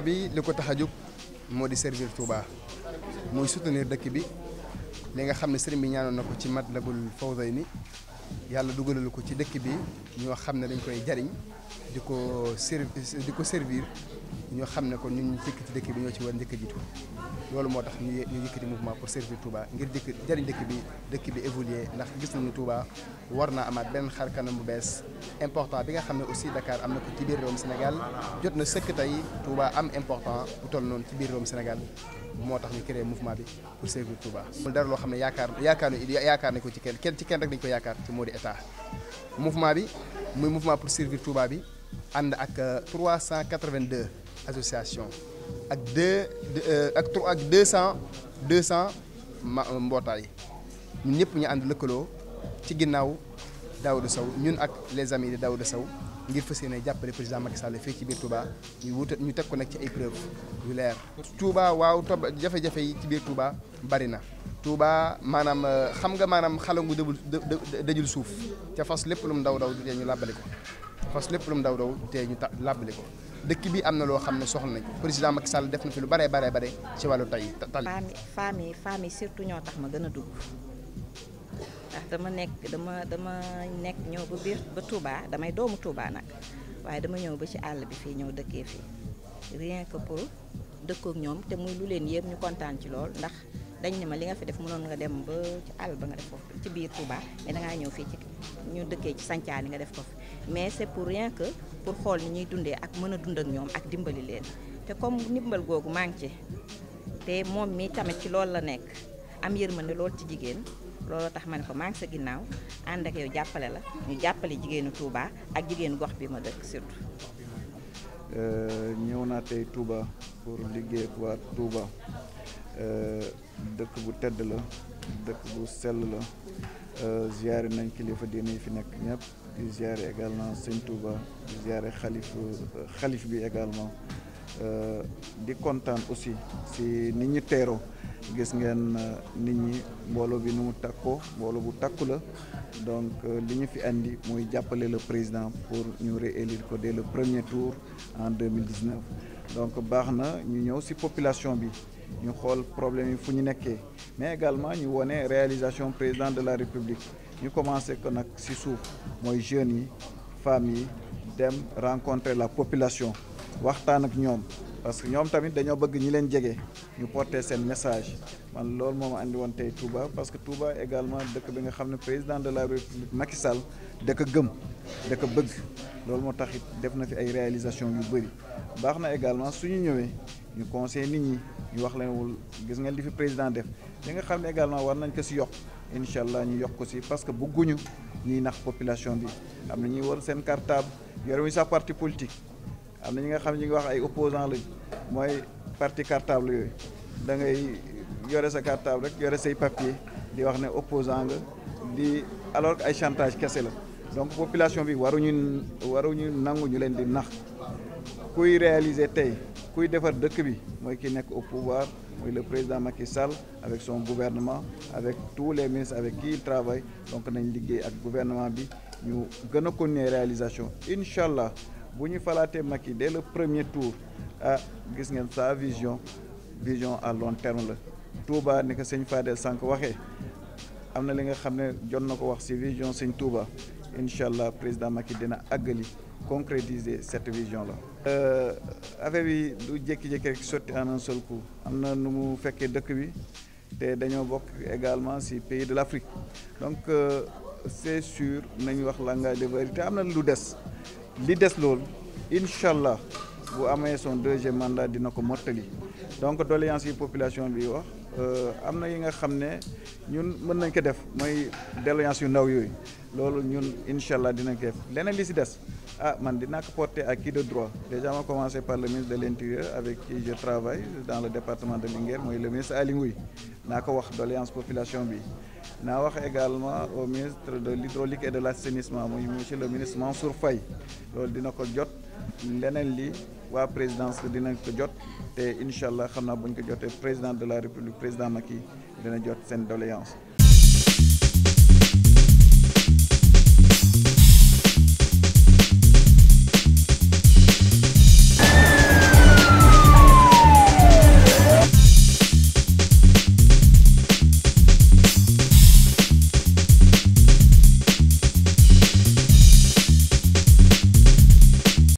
mouvement bi li ko tax a jóg moo di servir Touba mooy soutenir dëkk bi li nga xam ne sëriñ bi ñaanoon na ko ci Matlabul ni yàlla dugalal ko ci dëkk bi ñoo xam ne dañ koy jariñ di ko ser di ko servir ñoo xam ne kon ñu ngi ci dëkk bi ñoo ci war njëkk a jiitu loolu moo tax ñu ñu yëkkati mouvement pour servir Touba ngir dëkk jëriñ dëkk bi dëkk bi évoluer ndax gis nañu Touba war naa amaat benn xar kanam bu bees important bi nga xam ne aussi Dakar am na ko ci biir réewum Sénégal jot na sëkk tey Touba am important bu toll noonu ci biir réewum Sénégal moo tax ñu créé mouvement bi pour servir Touba. mu dara loo xam ne yaakaar yaakaar yaakaar nañ ko ci kenn kenn ci kenn rek dañ ko yaakaar ci moo di état mouvement bi muy mouvement pour servir Touba bi ànd ak 382. association ak deux euh, ak trois ak deux cent deux cent mbootaay ñun ñëpp ñu ànd lëkkaloo ci ginnaaw Daouda Sow ñun ak les amis de Daouda Sow ngir fas ne jàppale président Macky Sall fii ci biir Touba ñu wut ñu teg ko nag ci ay preuve yu leer. Touba waaw topp jafe-jafe yi ci biir Touba bari na. Touba maanaam euh, xam nga maanaam xalangu dëbul dëjul suuf ca fas lépp lu mu daw daw du ñu làbbali ko. fas lépp lu mu daw daw te ñu ta làbbali ko dëkk bi am na loo xam ne soxla nañ président Macky Sall def na fi lu bare bare bare ci wàllu tay tali femme yi femme yi surtout ñoo tax ma gën a dugg ndax dama nekk dama dama nekk ñëw ba biir ba Touba damay doomu Touba nag waaye dama ñëw ba ci àll bi fii ñëw dëkkee fii rien que pour dëkkook ñoom te muy lu leen yéem ñu kontaan ci lool ndax dañ ne ma li nga fi def mënoon nga dem ba ci àll ba nga def foofu ci biir Touba mais dangaa ñëw fii ci ñu dëkkee ci li nga def ko fi mais c'est pour rien que pour xool ni ñuy dundee ak mën a dund ak ñoom ak dimbali leen te comme ndimbal googu maa ngi ci te moom mi tamit ci loolu la nekk am ne lool ci jigéen looloo tax ma ne ko maa ngi sa ginnaaw ànd ak yow jàppale la ñu jàppale jigéenu Touba ak jigéen gox bi ma dëkk surtout. Euh, ñëw naa tey tuuba pour liggéey ak waa euh, dëkk bu tedd la dëkk bu sell la. Euh, ziare nañ kilifa diine yi fi nekk ñëpp di ziare également sëñ Touba di ziare xalif xalif bi également euh, di kontaan aussi si nit ñi teeroo gis ngeen euh, nit ñi mbooloo bi nu mu takkoo mbooloo bu takku la donc li ñu fi indi muy jàppale le président pour ñu réélire ko dès le premier tour en 2019 donc baax na ñu ñëw si population bi ñu xool problème yi fu ñu nekkee mais également ñu wone réalisation président de la république ñu commencé ko nag ci suuf mooy jeunes yi femmes yi dem rencontrer la population waxtaan ak ñoom parce que ñoom tamit dañoo bëgg ñi leen jege ñu porter seen message man loolu moom andi woon tey Touba parce que Touba également dëkk bi nga xam ne président de la république Macky Sall ko gëm ko bëgg loolu moo tax it def na fi ay réalisation yu bëri baax na également suñu ñëwee ñu conseil nit ñi ñu wax leen wul gis nga li fi président def li nga xam ne également war nañ ko si yokk incha allah ñu yokk ko si parce que bëgguñu ñuy nax population bi am na ñuy war seen cartable yore wuñ sax parti politique am na ñi nga xam ne ñu ngi wax ay opposant lañ mooy parti cartable yooyu da ngay yore sa cartable rek yore say papier di wax ne opposant nga di alors que ay chantage kese la donc population bi waruñu waruñu nangu ñu leen di nax kuy réaliser tey kuy defar dëkk bi mooy ki nekk au pouvoir mooy le président Macky Sall avec son gouvernement avec tous les ministres avec qui il donc nañ liggéey ak guvernement bi ñu gën a continuer réalisation incha allah bu ñu falaatee yi dès le premier tour ah gis ngeen sa vision vision à long terme la Touba ni ko sëñ Fadel sànq waxee am na li nga xam ne jot na ko wax si vision sëñ Touba incha allah président Macky dina àggali concrétiser cette vision là. Euh, affaire bi du jékki-jékki rek sotti en un am na nu mu fekkee dëkk bi te dañoo bokk également ci pays de l'Afrique donc euh, c'est sur nañu wax langage de vérité am na lu des li des loolu incha allah bu amee son deuxième mandat dina ko mottali donc doléance yi population bi wax. Euh, am na yi nga xam ne ñun mën nañ ko def mooy déléance yu ndaw yooyu loolu ñun incha allah dinañ ko def leneen li si des ah man dinaa ko porter à qui de droit déjà ma commencé par le ministre de l'intérieur avec qui je travaille dans le département de Linguère mooy le ministre Aly Ngouille naa ko wax doléance population bi naa wax également au ministre de l'hydraulique et de mooy muy monsieur le ministre Mansour Faye loolu dina ko jot leneen li waa présidence dinañ ko jot te incha allah xam naa bu ko jotee président de la république président na ki dina jot seen doléance